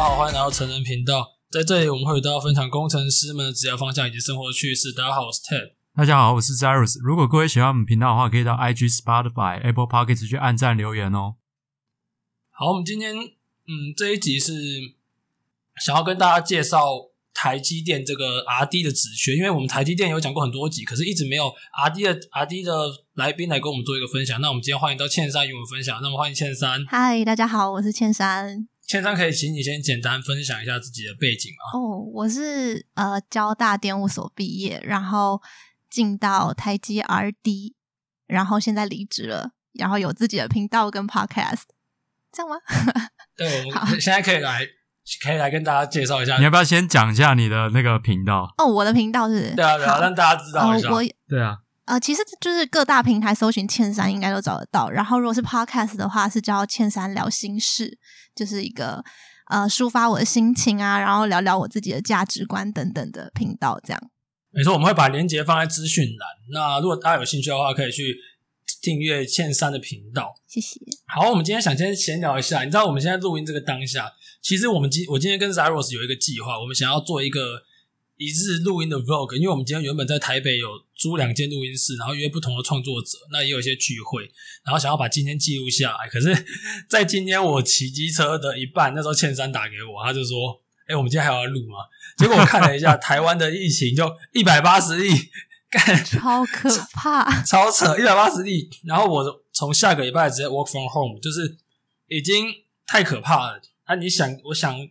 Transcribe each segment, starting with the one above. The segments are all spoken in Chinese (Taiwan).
大家好，歡迎來到成人頻道。在這裡，我們會與大家分享工程師們的職業方向以及生活的趣事。大家好，我是 Ted。大家好，我是 Zayrus。如果各位喜歡我們頻道的話，可以到 IG Spotify、Apple Podcast 去按讚留言哦。好，我們今天嗯，這一集是想要跟大家介紹台積電這個 RD 的職缺，因為我們台積電有講過很多集，可是一直沒有 RD 的 RD 的來賓來跟我們做一個分享。那我們今天歡迎到茜珊與我們分享。那麼歡迎茜珊。嗨，大家好，我是茜珊。茜珊，可以請你先簡單分享一下自己的背景嗎？哦、oh,，我是呃交大電物所畢業，然後進到台積 R D，然後現在離職了，然後有自己的頻道跟 Podcast，這樣嗎？ 對，我們現在可以來，可以來跟大家介紹一下。你要不要先講一下你的那個頻道？哦、oh,，我的頻道是,是，對啊，對啊，讓大家知道一下。Oh, 對啊。呃，其實就是各大平台搜尋“茜珊”應該都找得到。然後，如果是 Podcast 的話，是叫“茜珊聊心室”，就是一個呃抒發我的心情啊，然後聊聊我自己的價值觀等等的頻道。這樣沒錯，我們會把鏈接放在資訊欄。那如果大家有興趣的話，可以去訂閱“茜珊”的頻道。謝謝。好，我們今天想先閒聊一下。你知道，我們現在錄音這個當下，其實我們今我今天跟 Zaros 有一個計劃，我們想要做一個。一日錄音的 vlog，因為我們今天原本在台北有租兩間錄音室，然後約不同的創作者，那也有一些聚會，然後想要把今天記錄下來。可是，在今天我騎機車的一半，那時候茜珊打給我，他就說：“哎、欸，我們今天還要錄嗎？”結果我看了一下， 台灣的疫情就一百八十例，幹，超可怕，超扯，一百八十例。然後我從下個禮拜直接 work from home，就是已經太可怕了。啊，你想，我想。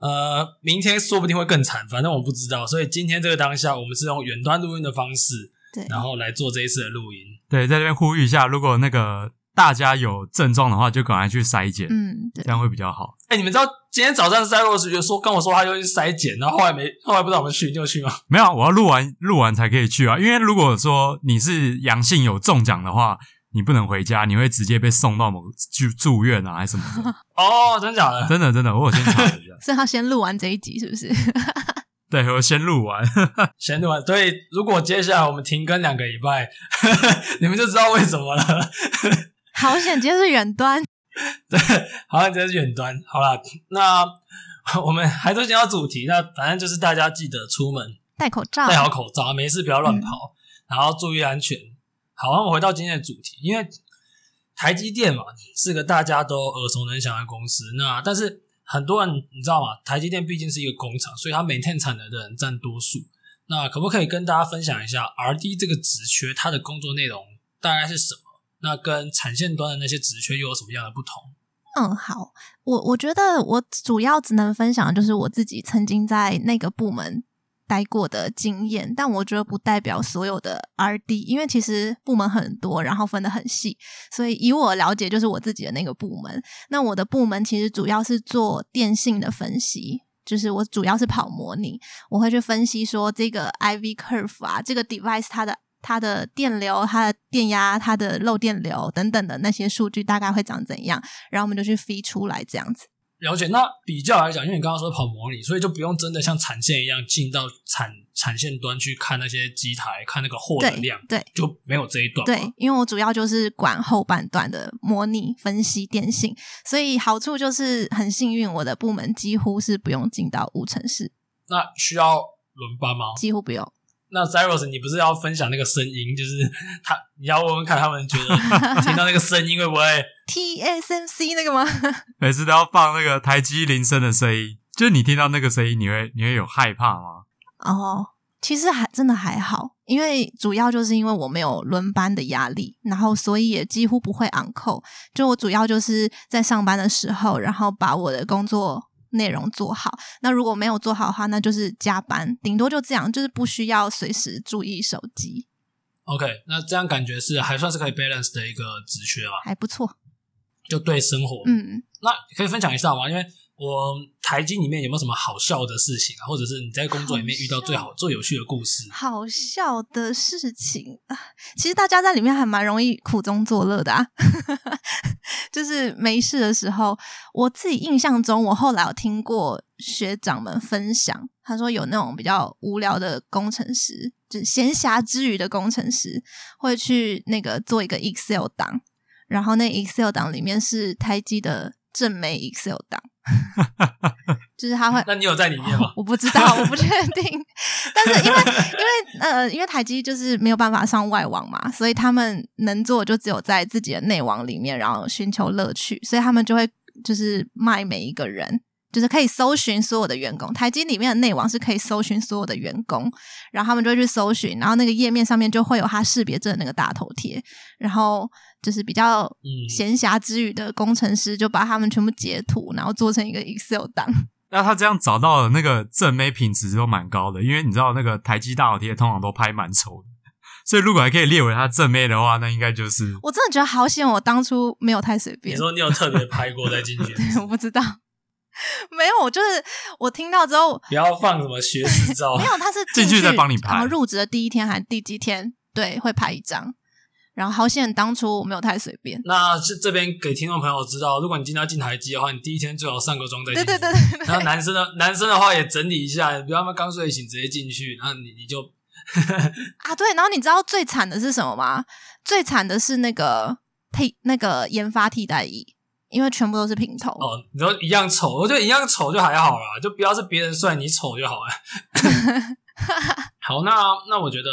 呃，明天說不定會更慘，反正我不知道。所以今天這個當下，我們是用遠端錄音的方式，對，然後來做這一次的錄音。對，在這邊呼籲一下，如果那個大家有症狀的話，就趕快去篩檢，嗯，對。這樣會比較好。哎，你們知道今天早上賽洛是就說跟我說他要去篩檢，然後後來沒後來不知道我們去就去嗎？沒有，我要錄完錄完才可以去啊。因為如果說你是陽性有中獎的話。你不能回家，你會直接被送到某去住院啊，還是什麼？哦，真假的，真的真的，我有先查一下。 是要先錄完這一集，是不是？ 對，我先錄完， 先錄完。所以如果接下來我們停更兩個禮拜， 你們就知道為什麼了。 好險，今天是遠端。對，好，今天是遠端。好了，那我們還是回到主題。那反正就是大家記得出門戴口罩，戴好口罩，沒事不要亂跑，嗯，然後注意安全。好，那我們回到今天的主題，因為台積電嘛，是個大家都耳熟能詳的公司。那但是很多人你知道嗎？台積電畢竟是一個工廠，所以它 maintain 產能的人佔多數。那可不可以跟大家分享一下 RD 這個職缺，它的工作內容大概是什麼？那跟產線端的那些職缺又有什麼樣的不同？嗯，好，我我覺得我主要只能分享就是我自己曾經在那個部門，待過的經驗，但我覺得不代表所有的 RD，因為其實部門很多，然後分得很細，所以以我了解，就是我自己的那個部門。那我的部門其實主要是做電性的分析，就是我主要是跑模擬，我會去分析說，這個 IV curve 啊，這個 device 它的它的電流、它的電壓、它的漏電流等等的那些數據大概會長怎樣，然後我們就去飛出來這樣子。了解，那比較來講，因為你剛剛說跑模擬，所以就不用真的像產線一樣進到產產線端去看那些機台、看那個貨的量。對。對，就沒有這一段。對，因為我主要就是管後半段的模擬分析電信，所以好處就是很幸運，我的部門幾乎是不用進到無塵室。那需要輪班嗎？幾乎不用。那 Zeros，你不是要分享那個聲音？就是他，你要問問看他們覺得聽到那個聲音會不會 TSMC 那個嗎？每次都要放那個台積鈴聲的聲音，就你聽到那個聲音，你會你會有害怕嗎？哦，其實還真的還好，因為主要就是因為我沒有輪班的壓力，然後所以也幾乎不會 on call。就我主要就是在上班的時候，然後把我的工作。內容做好，那如果沒有做好的話，那就是加班，頂多就這樣，就是不需要隨時注意手機。OK，那這樣感覺是還算是可以 balance 的一個職缺吧，還不錯。就對生活，嗯，那可以分享一下嗎？因為。我台積裡面有沒有什麼好笑的事情、啊，或者是你在工作裡面遇到最好，好最有趣的故事？好笑的事情，其實大家在裡面還蠻容易苦中作樂的啊。 就是沒事的時候，我自己印象中，我後來有聽過學長們分享，他說有那種比較無聊的工程師，就是閒暇之餘的工程師，會去那個做一個 Excel 檔，然後那 Excel 檔裡面是台積的正妹 Excel 檔， 就是他會。那你有在裡面嗎？我不知道，我不確定。 但是因為 因為呃，因為台積就是沒有辦法上外網嘛，所以他們能做就只有在自己的內網裡面，然後尋求樂趣。所以他們就會就是賣每一個人，就是可以搜尋所有的員工。台積裡面的內網是可以搜尋所有的員工，然後他們就會去搜尋，然後那個頁面上面就會有他識別證的那個大頭貼，然後。就是比較閒暇之餘的工程師、嗯，就把他們全部截圖，然後做成一個 Excel 檔。那他這樣找到的那個正妹品質都蠻高的，因為你知道那個台積大頭貼通常都拍蠻醜的，所以如果還可以列為他正妹的話，那應該就是。我真的覺得好險，我當初沒有太隨便。你說你有特別拍過再進去？ 對，我不知道， 沒有。就是我聽到之後，不要放什麼學習照， 沒有，他是進去，進去再幫你拍。然後入職的第一天還是第幾天？對，會拍一張。然後好險，當初我沒有太隨便。那這這邊給聽眾朋友知道，如果你今天要進台積的話，你第一天最好上個妝再進對對對，對，對，對，然後男生的男生的話也整理一下，不要他媽剛睡醒直接進去。然後你你就 啊，對。然後你知道最慘的是什麼嗎？最慘的是那個配那個研發替代役，因為全部都是平頭哦，你說一樣醜，我覺得一樣醜就還好啦，就不要是別人帥你醜就好了。 好，那那我覺得。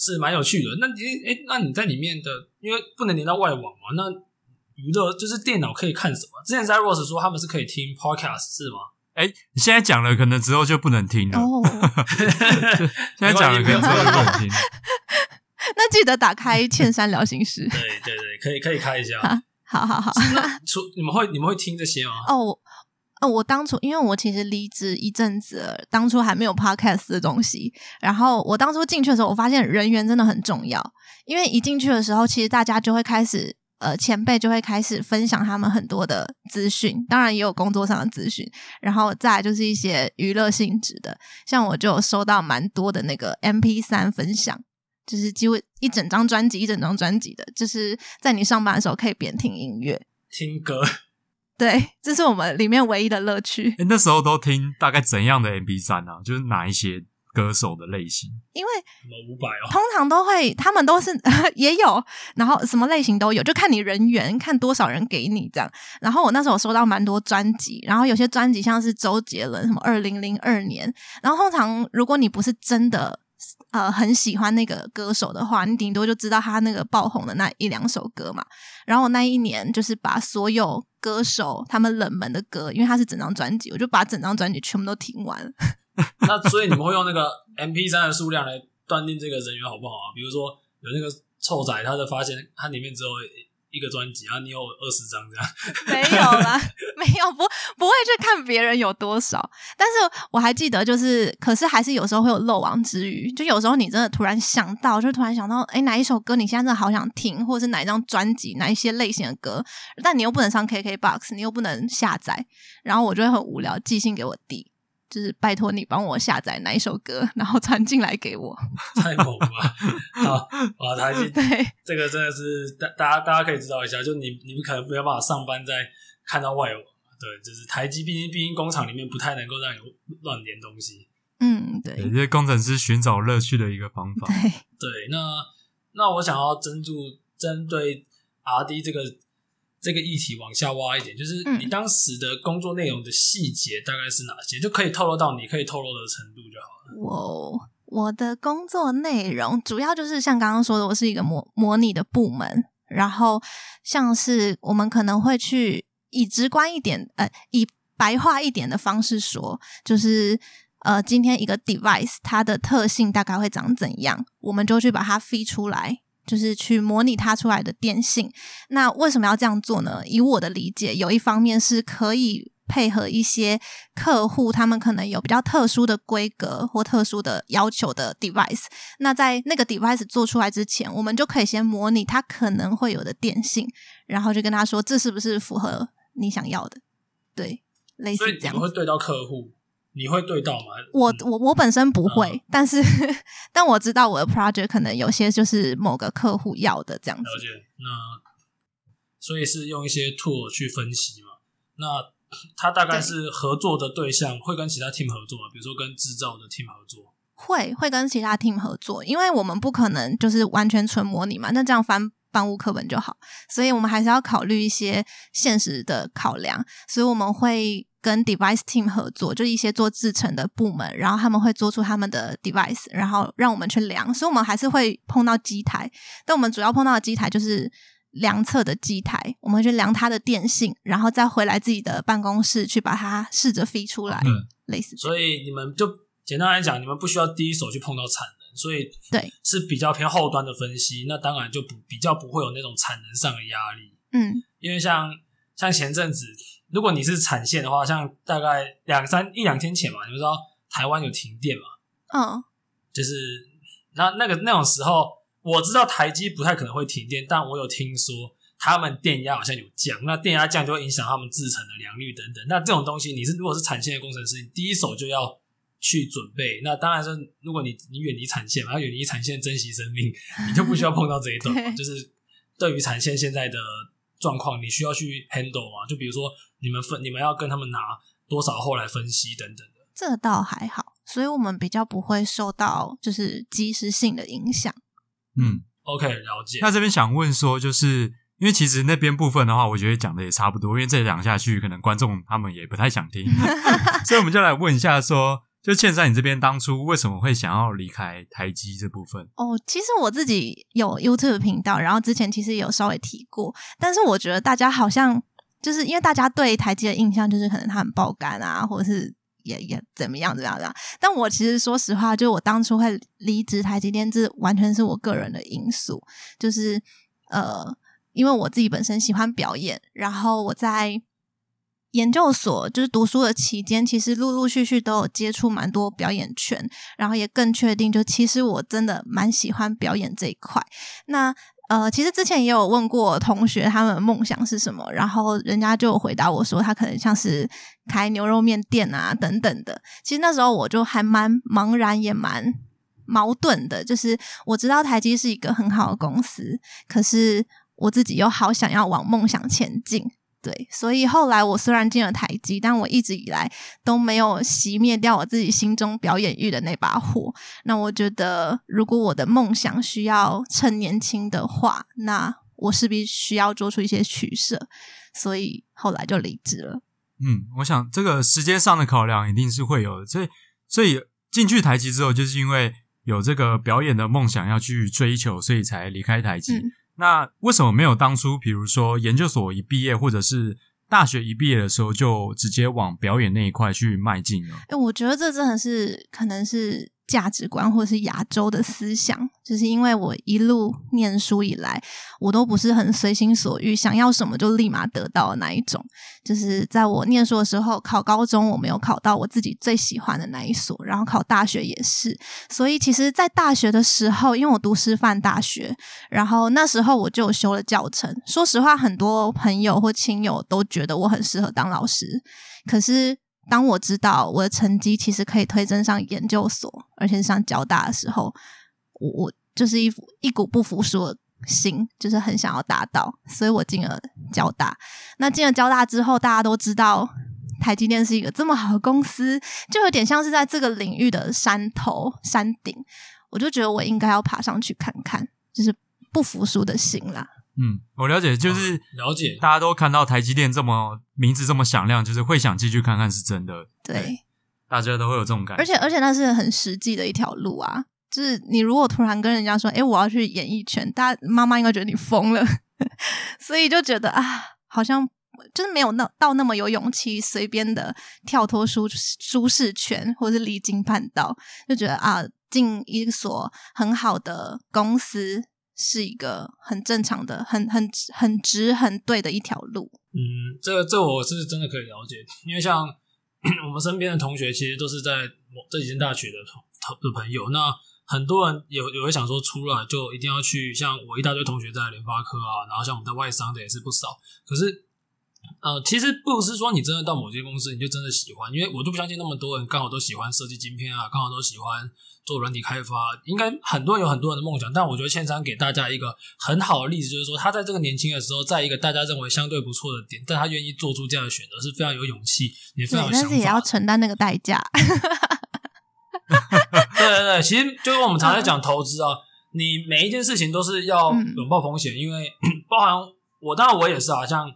是蠻有趣的。那你哎，那你在裡面的，因為不能連到外網嘛，那娛樂就是電腦可以看什麼？之前在 Rose 說他們是可以聽 Podcast 是嗎？誒，你現在講了，可能之後就不能聽了。Oh. 現在講了，可能之後就不能聽了。 那記得打開茜珊聊心室。 對對對，對，可以可以開一下。 好好好。那出你們會你們會聽這些嗎？哦、oh.。哦、啊，我當初因為我其實離職一陣子了，當初還沒有 podcast 的東西。然後我當初進去的時候，我發現人緣真的很重要。因為一進去的時候，其實大家就會開始，呃，前輩就會開始分享他們很多的資訊，當然也有工作上的資訊。然後再來就是一些娛樂性質的，像我就收到蠻多的那個 MP3 分享，就是幾乎一整張專輯、一整張專輯的，就是在你上班的時候可以邊聽音樂、聽歌。對，這是我們裡面唯一的樂趣。那時候都聽大概怎樣的 MP3 呢？就是哪一些歌手的類型？因為五百通常都會，他們都是呵呵也有，然後什麼類型都有，就看你人緣，看多少人給你這樣。然後我那時候收到蠻多專輯，然後有些專輯像是周杰倫什麼二零零二年，然後通常如果你不是真的。呃，很喜歡那個歌手的話，你頂多就知道他那個爆紅的那一兩首歌嘛。然後我那一年就是把所有歌手他們冷門的歌，因為他是整張專輯，我就把整張專輯全部都聽完。 那所以你們會用那個 MP3 的數量來斷定這個人員好不好啊？比如說有那個臭仔，他就發現他裡面只有。一個專輯，啊，你有二十張這樣，沒有啦， 沒有不不會去看別人有多少。但是我還記得，就是可是還是有時候會有漏網之魚。就有時候你真的突然想到，就突然想到，誒、欸，哪一首歌你現在真的好想聽，或者是哪一張專輯，哪一些類型的歌，但你又不能上 KKBOX，你又不能下載，然後我就會很無聊，寄信給我弟。就是拜託你幫我下載哪一首歌，然後傳進來給我。太猛了！ 好，哇，台積對這個真的是大大家大家可以知道一下，就你你們可能沒有辦法上班在看到外網，對，就是台積畢竟畢竟工廠裡面不太能夠讓你亂連東西。嗯，對，有些工程師尋找樂趣的一個方法。對，對那那我想要針對針對 R D 這個。這個議題往下挖一點，就是你當時的工作內容的細節大概是哪些，嗯、就可以透露到你可以透露的程度就好了。我我的工作內容主要就是像剛剛說的，我是一個模模擬的部門，然後像是我們可能會去以直觀一點，呃，以白話一點的方式說，就是呃，今天一個 device 它的特性大概會長怎樣，我們就去把它 fit 出來。就是去模擬它出來的電信，那為什麼要這樣做呢？以我的理解，有一方面是可以配合一些客戶，他們可能有比較特殊的規格或特殊的要求的 device。那在那個 device 做出來之前，我們就可以先模擬它可能會有的電信，然後就跟他說這是不是符合你想要的？對，類似這樣會對到客戶。你會對到嗎？我我我本身不會，但是但我知道我的 project 可能有些就是某個客戶要的這樣子。了解，那所以是用一些 tool 去分析嘛？那他大概是合作的對象，對，會跟其他 team 合作嗎？比如說跟製造的 team 合作？會會跟其他 team 合作，因為我們不可能就是完全純模擬嘛。那這樣翻翻物課本就好，所以我們還是要考慮一些現實的考量。所以我們會。跟 device team 合作，就是一些做製程的部門，然後他們會做出他們的 device，然後讓我們去量，所以我們還是會碰到機台，但我們主要碰到的機台就是量測的機台，我們去量它的電信，然後再回來自己的辦公室去把它試着飛出來。嗯，類似的。所以你們就簡單來講，你們不需要第一手去碰到產能，所以對是比較偏後端的分析，那當然就不比較不會有那種產能上的壓力，嗯，因為像。像前陣子，如果你是產線的話，像大概兩三一兩天前嘛，你們知道台灣有停電嘛？嗯、oh.，就是那那個那種時候，我知道台積不太可能會停電，但我有聽說他們電壓好像有降，那電壓降就會影響他們制程的良率等等。那這種東西，你是如果是產線的工程師，你第一手就要去準備。那當然是如果你你遠離產線嘛，然後遠離產線珍惜生命，你就不需要碰到這一段。 就是對於產線現在的。狀況你需要去 handle 嗎？啊？就比如說你們分你們要跟他們拿多少後來分析等等的，這倒還好，所以我們比較不會受到就是即時性的影響。嗯，OK，了解。那這邊想問說，就是因為其實那邊部分的話，我覺得講的也差不多，因為這兩下去，可能觀眾他們也不太想聽， 所以我們就來問一下說，就現在，你這邊當初為什麼會想要離開台積這部分？哦，其實我自己有 YouTube 頻道，然後之前其實也有稍微提過，但是我覺得大家好像就是因為大家對台積的印象就是可能它很爆肝啊，或者是也也怎麼樣怎麼樣怎麼樣。但我其實說實話，就我當初會離職台積電，這完全是我個人的因素，就是呃，因為我自己本身喜歡表演，然後我在。研究所就是讀書的期間，其實陸陸續續都有接觸蠻多表演圈，然後也更確定，就其實我真的蠻喜歡表演這一塊。那呃，其實之前也有問過同學，他們的夢想是什麼，然後人家就回答我說，他可能像是開牛肉麵店啊等等的。其實那時候我就還蠻茫然，也蠻矛盾的，就是我知道台積是一個很好的公司，可是我自己又好想要往夢想前進。對，所以後來我雖然進了台積，但我一直以來都沒有熄滅掉我自己心中表演慾的那把火。那我覺得，如果我的夢想需要趁年輕的話，那我勢必需要做出一些取捨。所以後來就離職了。嗯，我想這個時間上的考量一定是會有的。所以，所以進去台積之後，就是因為有這個表演的夢想要去追求，所以才離開台積。嗯。那為什麼沒有當初，比如說研究所一畢業，或者是大學一畢業的時候，就直接往表演那一塊去邁進呢？哎、欸，我覺得這真的是可能是。價值觀或是亞洲的思想，就是因為我一路念書以來，我都不是很隨心所欲，想要什麼就立馬得到的那一種。就是在我念書的時候，考高中我沒有考到我自己最喜歡的那一所，然後考大學也是。所以，其實，在大學的時候，因為我讀師範大學，然後那時候我就有修了教程。說實話，很多朋友或親友都覺得我很適合當老師，可是。當我知道我的成績其實可以推甄上研究所，而且上交大的時候，我我就是一一股不服輸的心，就是很想要達到，所以我進了交大。那進了交大之後，大家都知道台積電是一個這麼好的公司，就有點像是在這個領域的山頭，山頂，我就覺得我應該要爬上去看看，就是不服輸的心啦。嗯，我了解，就是、啊、了解。大家都看到台積電這麼名字這麼響亮，就是會想繼續看看，是真的對。對，大家都會有這種感覺。而且，而且那是很實際的一條路啊。就是你如果突然跟人家說：“哎、欸，我要去演藝圈”，大家媽媽應該覺得你瘋了， 所以就覺得啊，好像就是沒有那到那麼有勇氣，隨便的跳脫舒舒適圈，或是離經叛道，就覺得啊，進一所很好的公司。是一個很正常的、很很很直很對的一條路。嗯，這個這我是真的可以了解，因為像 我們身邊的同學，其實都是在我這幾間大學的同同的朋友。那很多人有有會想說，出來就一定要去，像我一大堆同學在聯發科啊，然後像我們在外商的也是不少。可是。呃，其實不是說你真的到某些公司你就真的喜歡，因為我都不相信那麼多人剛好都喜歡設計晶片啊，剛好都喜歡做軟體開發，應該很多人有很多人的夢想。但我覺得茜珊給大家一個很好的例子，就是說他在這個年輕的時候，在一個大家認為相對不錯的點，但他願意做出這樣的選擇是非常有勇氣，也非常有想法。你也要承擔那個代價。 對對對，對，其實就是我們常常講投資啊、嗯，你每一件事情都是要有冒風險，因為包含我當然我也是啊，像。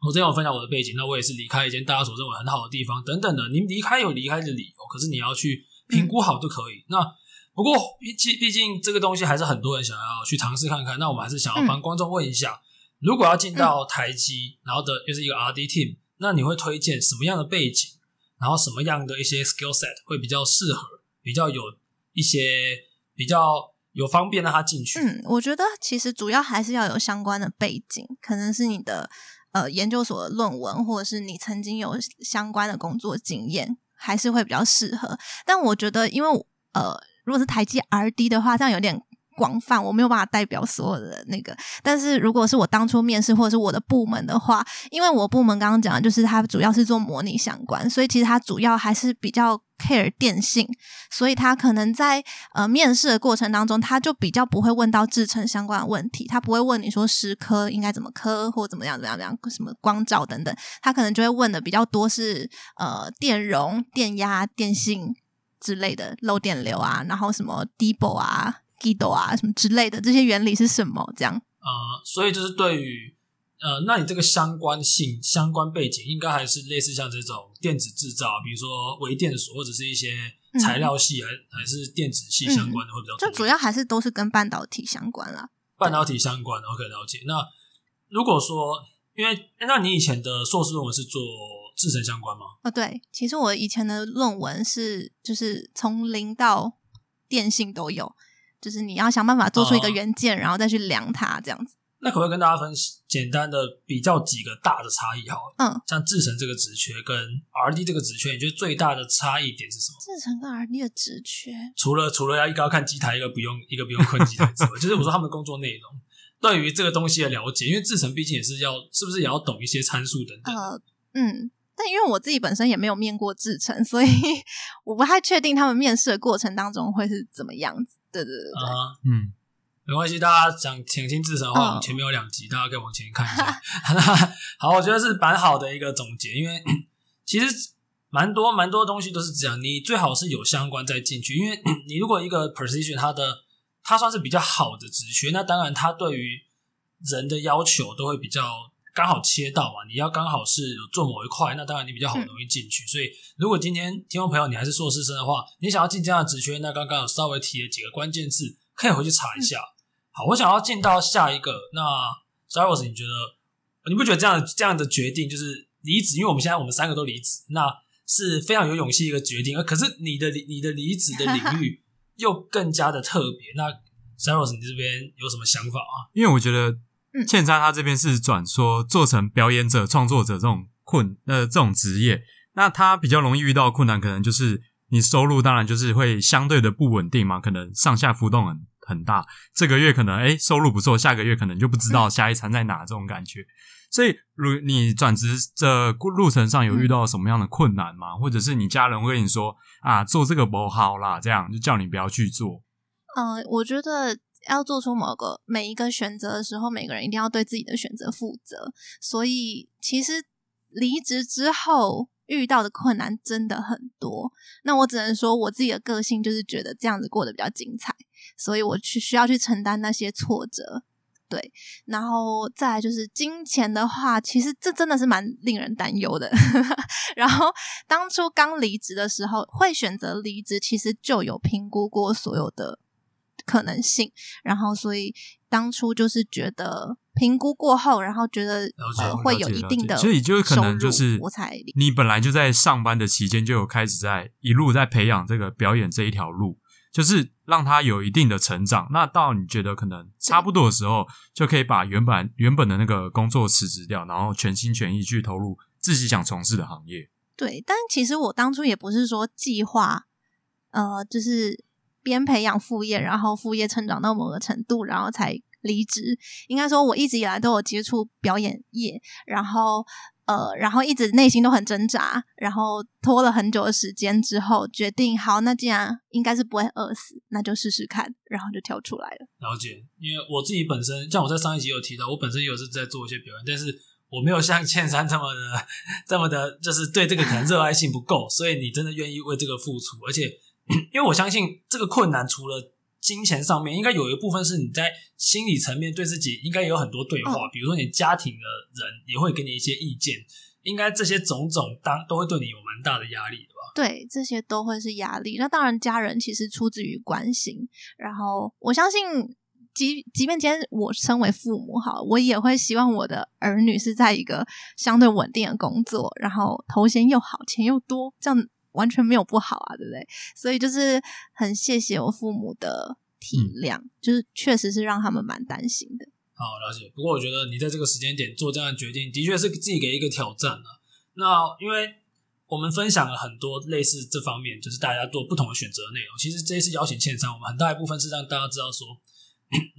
我今天有分享我的背景，那我也是離開一間大家所認為很好的地方，等等的。你離開有離開的理由，可是你要去評估好就可以。嗯、那不過，畢竟畢竟這個東西還是很多人想要去嘗試看看。那我們還是想要幫觀眾問一下：嗯、如果要進到台積、嗯，然後的又、就是一個 RD team，那你會推薦什麼樣的背景，然後什麼樣的一些 skill set 會比較適合，比較有一些比較有方便讓他進去？嗯，我覺得其實主要還是要有相關的背景，可能是你的。呃，研究所的論文，或者是你曾經有相關的工作經驗，還是會比較適合。但我覺得，因為呃，如果是台積 RD 的話，這樣有點。廣泛，我沒有辦法代表所有的那個。但是如果是我當初面試，或者是我的部門的話，因為我部門剛剛講的就是它，主要是做模擬相關，所以其實它主要還是比較 care 電信，所以它可能在呃面試的過程當中，它就比較不會問到製程相關的問題，它不會問你說蝕刻應該怎麼刻或怎麼樣怎麼樣怎麼樣，什麼光照等等，它可能就會問的比較多是呃電容、電壓、電信之類的漏電流啊，然後什麼 diode 啊。d o 啊，什麼之類的，這些原理是什麼？這樣，呃，所以就是對於呃，那你這個相關性、相關背景，應該還是類似像這種電子製造，比如說微電所，或者是一些材料系，還、嗯、還是電子系相關的，會比較、嗯。就主要還是都是跟半導體相關啦。半導體相關，OK，了解。那如果說，因為那你以前的碩士論文是做制程相關嗎？啊、哦，對，其實我以前的論文是，就是從零到電信都有。就是你要想辦法做出一個元件，呃，然後再去量它這樣子。那可不可以跟大家分析，簡單的比較幾個大的差異？好了，嗯，像製程這個職缺跟 RD 這個職缺，你覺得最大的差異點是什麼？製程跟 RD 的職缺，除了除了要一個要看機台，一個不用，一個不用看機台之外， 就是我說他們工作內容對於這個東西的了解，因為製程畢竟也是要是不是也要懂一些參數等等。呃，嗯，但因為我自己本身也沒有面過製程，所以、嗯、我不太確定他們面試的過程當中會是怎麼樣子。對對對啊、uh -huh.，嗯，沒關係，大家想想聽茜珊的話，我、oh. 們前面有兩集，大家可以往前看一下。 好，我覺得是蠻好的一個總結，因為 其實蠻多蠻多東西都是這樣，你最好是有相關再進去，因為 你如果一個 position，它的，它，的它算是比較好的職缺，那當然它對於人的要求都會比較。剛好切到嘛，你要剛好是有做某一塊，那當然你比較好容易進去。嗯、所以，如果今天聽眾朋友你還是碩士生的話，你想要進這樣的職缺，那剛剛有稍微提了幾個關鍵字，可以回去查一下。嗯、好，我想要進到下一個。那茜珊、嗯、你覺得你不覺得這樣這樣的決定就是離職？因為我們現在我們三個都離職，那是非常有勇氣一個決定。而可是你的你的離職的領域又更加的特別。 那茜珊， 你這邊有什麼想法啊？因為我覺得。茜、嗯、珊，他這邊是轉說做成表演者、創作者這種困，呃，這種職業，那他比較容易遇到困難，可能就是你收入，當然就是會相對的不穩定嘛，可能上下浮動很很大。這個月可能誒、欸、收入不錯，下個月可能就不知道下一餐在哪、嗯、這種感覺。所以，如你轉職的路程上有遇到什麼樣的困難嗎？嗯、或者是你家人會跟你說啊，做這個不好啦，這樣就叫你不要去做。嗯、呃，我覺得。要做出某個，每一個選擇的時候，每個人一定要對自己的選擇負責。所以，其實離職之後遇到的困難真的很多。那我只能說我自己的個性就是覺得這樣子過得比較精彩，所以我去需要去承擔那些挫折。對，然後再來就是金錢的話，其實這真的是蠻令人擔憂的。 然後當初剛離職的時候，會選擇離職，其實就有評估過所有的。可能性，然後所以當初就是覺得評估過後，然後覺得、呃、會有一定的，所以就是可能就是你本來就在上班的期間就有開始在一路在培養這個表演這一條路，就是讓他有一定的成長。那到你覺得可能差不多的時候，就可以把原本原本的那個工作辭職掉，然後全心全意去投入自己想從事的行業。對，但其實我當初也不是說計劃，呃，就是。邊培養副業，然後副業成長到某個程度，然後才離職。應該說，我一直以來都有接觸表演業，然後呃，然後一直內心都很掙扎，然後拖了很久的時間之後，決定好，那既然應該是不會餓死，那就試試看，然後就跳出來了。了解，因為我自己本身，像我在上一集有提到，我本身有是在做一些表演，但是我沒有像茜珊這麼的這麼的，麼的就是對這個可能熱愛性不夠， 所以你真的願意為這個付出，而且。因為我相信這個困難，除了金錢上面，應該有一部分是你在心理層面對自己應該有很多對話。嗯、比如說，你家庭的人也會給你一些意見，應該這些種種當都會對你有蠻大的壓力，對吧？對，這些都會是壓力。那當然，家人其實出自於關心。然後，我相信即，即即便今天我身為父母，好，我也會希望我的兒女是在一個相對穩定的工作，然後頭銜又好，錢又多，這樣。完全沒有不好啊，對不對？所以就是很謝謝我父母的體諒。嗯，就是確實是讓他們蠻擔心的。好，了解。不過我覺得你在這個時間點做這樣的決定，的確是自己給一個挑戰。啊嗯、那因為我們分享了很多類似這方面，就是大家做不同的選擇的內容。其實這一次邀請茜珊，我們很大一部分是讓大家知道說，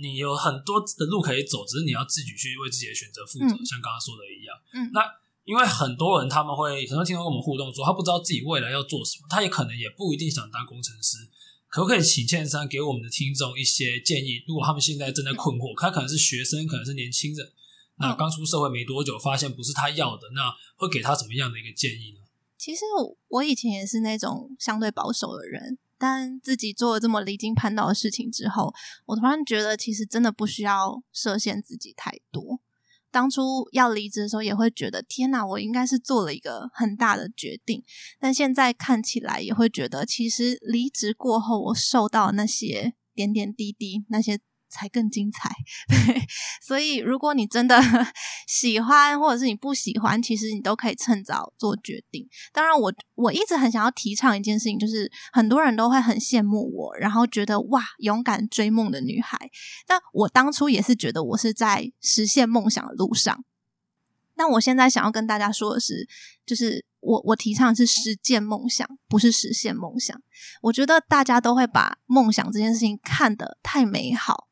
你有很多的路可以走，只是你要自己去為自己的選擇負責。嗯、像剛剛說的一樣，嗯，那。因為很多人他們會很多聽眾跟我們互動說，他不知道自己未來要做什麼，他也可能也不一定想當工程師。可不可以請茜珊給我們的聽眾一些建議？如果他們現在正在困惑，嗯、他可能是學生，可能是年輕人、嗯，那剛出社會沒多久，發現不是他要的，那會給他什麼樣的一個建議呢？其實我以前也是那種相對保守的人，但自己做了這麼離經叛道的事情之後，我突然覺得其實真的不需要設限自己太多。當初要離職的時候，也會覺得天哪，我應該是做了一個很大的決定。但現在看起來，也會覺得其實離職過後，我受到那些點點滴滴那些。才更精彩。對，所以，如果你真的喜歡，或者是你不喜歡，其實你都可以趁早做決定。當然我，我我一直很想要提倡一件事情，就是很多人都會很羨慕我，然後覺得哇，勇敢追夢的女孩。但我當初也是覺得我是在實現夢想的路上。那我現在想要跟大家說的是，就是我我提倡的是實踐夢想，不是實現夢想。我覺得大家都會把夢想這件事情看得太美好。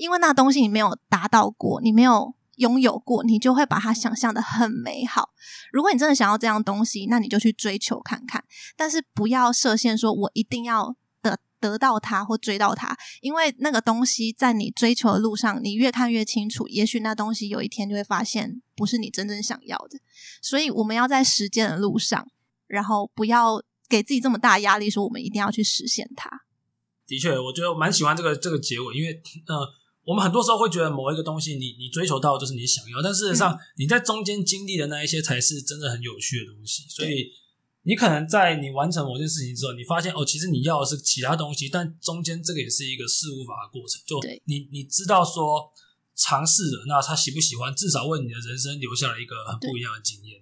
因為那東西你沒有達到過，你沒有擁有過，你就會把它想象的很美好。如果你真的想要這樣東西，那你就去追求看看。但是不要設限，說我一定要得得到它或追到它，因為那個東西在你追求的路上，你越看越清楚。也許那東西有一天就會發現不是你真正想要的。所以我們要在實踐的路上，然後不要給自己這麼大的壓力，說我們一定要去實現它。的確，我覺得我蠻喜歡這個這個結尾，因為呃。我們很多時候會覺得某一個東西你，你你追求到就是你想要，但事實上你在中間經歷的那一些才是真的很有趣的東西。所以你可能在你完成某件事情之後，你發現哦，其實你要的是其他東西，但中間這個也是一個試誤法的過程。就你你知道說嘗試著，那他喜不喜歡，至少為你的人生留下了一個很不一樣的經驗。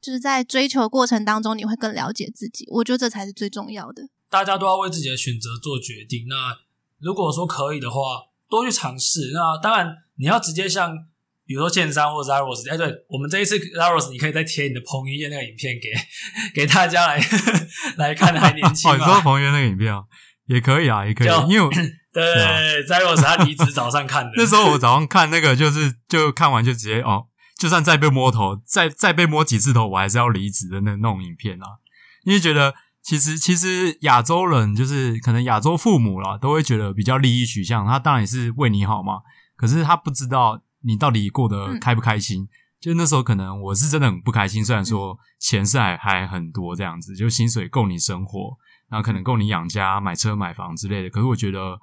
就是在追求過程當中，你會更了解自己。我覺得這才是最重要的。大家都要為自己的選擇做決定。那如果說可以的話。多去嘗試。那當然，你要直接像，比如說劍三或 Zeros、哎。哎，對我們這一次 Zeros，你可以再貼你的彭於晏那個影片給給大家來呵呵來看，還年輕嘛、 哦？你說彭於晏那個影片啊，也可以啊，也可以。因為 對，對，對 Zeros，他離職早上看的。 那時候我早上看那個，就是就看完就直接哦，就算再被摸頭，再再被摸幾次頭，我還是要離職的那那種影片啊，因為覺得。其實，其實亞洲人就是可能亞洲父母啦，都會覺得比較利益取向。他當然也是為你好嘛，可是他不知道你到底過得開不開心。嗯、就那時候，可能我是真的很不開心。雖然說錢是還還很多這樣子，嗯，就薪水夠你生活，然後可能夠你養家、買車、買房之類的。可是我覺得，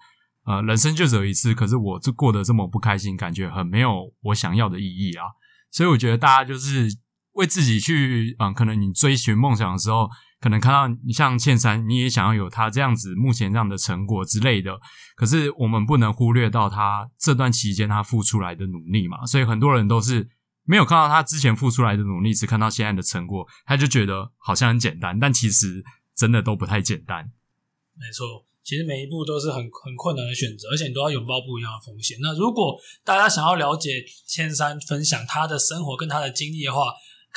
呃，人生就只有一次。可是我就過得這麼不開心，感覺很沒有我想要的意義啊。所以我覺得大家就是為自己去，嗯、呃，可能你追尋夢想的時候。可能看到你像茜珊，你也想要有他這樣子目前這樣的成果之類的，可是我們不能忽略到他這段期間他付出來的努力嘛。所以很多人都是沒有看到他之前付出來的努力，只看到現在的成果，他就覺得好像很簡單，但其實真的都不太簡單。沒錯，其實每一步都是很很困難的選擇，而且你都要擁抱不一樣的風險。那如果大家想要了解茜珊分享他的生活跟他的經歷的話，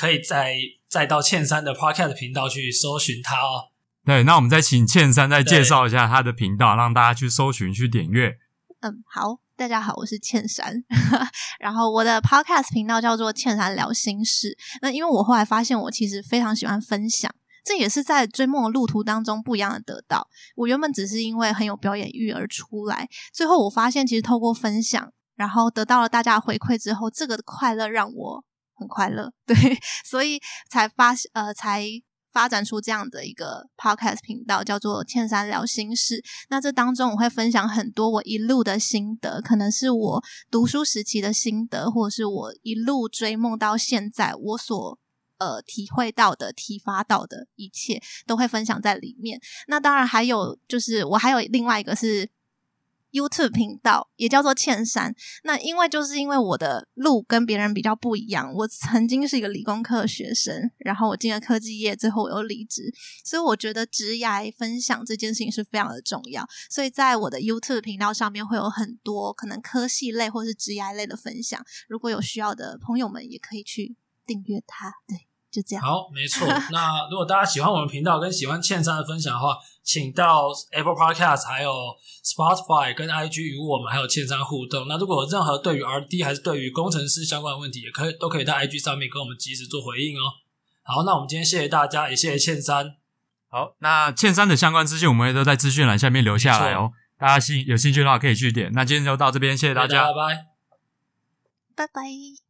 可以再再到茜珊的 Podcast 頻道去搜尋他哦。對，那我們再請茜珊再介紹一下他的頻道，讓大家去搜尋去點閱。嗯，好，大家好，我是茜珊。 然後我的 Podcast 頻道叫做“茜珊聊心室”。那因為我後來發現，我其實非常喜歡分享，這也是在追夢的路途當中不一樣的得到。我原本只是因為很有表演慾而出來，最後我發現，其實透過分享，然後得到了大家的回饋之後，這個快樂讓我。很快樂，對，所以才發呃才發展出這樣的一個 podcast 頻道，叫做“茜珊聊心室”。那這當中我會分享很多我一路的心得，可能是我讀書時期的心得，或者是我一路追夢到現在我所呃體會到的、體發到的一切，都會分享在裡面。那當然還有就是，我還有另外一個是。YouTube 頻道也叫做茜珊。那因為就是因為我的路跟別人比較不一樣，我曾經是一個理工科的學生，然後我進了科技業，最後我又離職。所以我覺得職涯分享這件事情是非常的重要。所以在我的 YouTube 頻道上面會有很多可能科系類或者是職涯類的分享。如果有需要的朋友們，也可以去訂閱它。對。就這樣。好，沒錯。 那如果大家喜歡我們頻道跟喜歡茜珊的分享的話，請到 Apple Podcast，還有 Spotify，跟 IG 與我們還有茜珊互動。那如果有任何對於 RD 還是對於工程師相關的問題，也可以都可以在 IG 上面跟我們即時做回應哦。好，那我們今天謝謝大家，也謝謝茜珊。好，那茜珊的相關資訊，我們也都在資訊欄下面留下來哦。大家興有興趣的話，可以去點。那今天就到這邊，謝謝大家，拜拜。拜拜。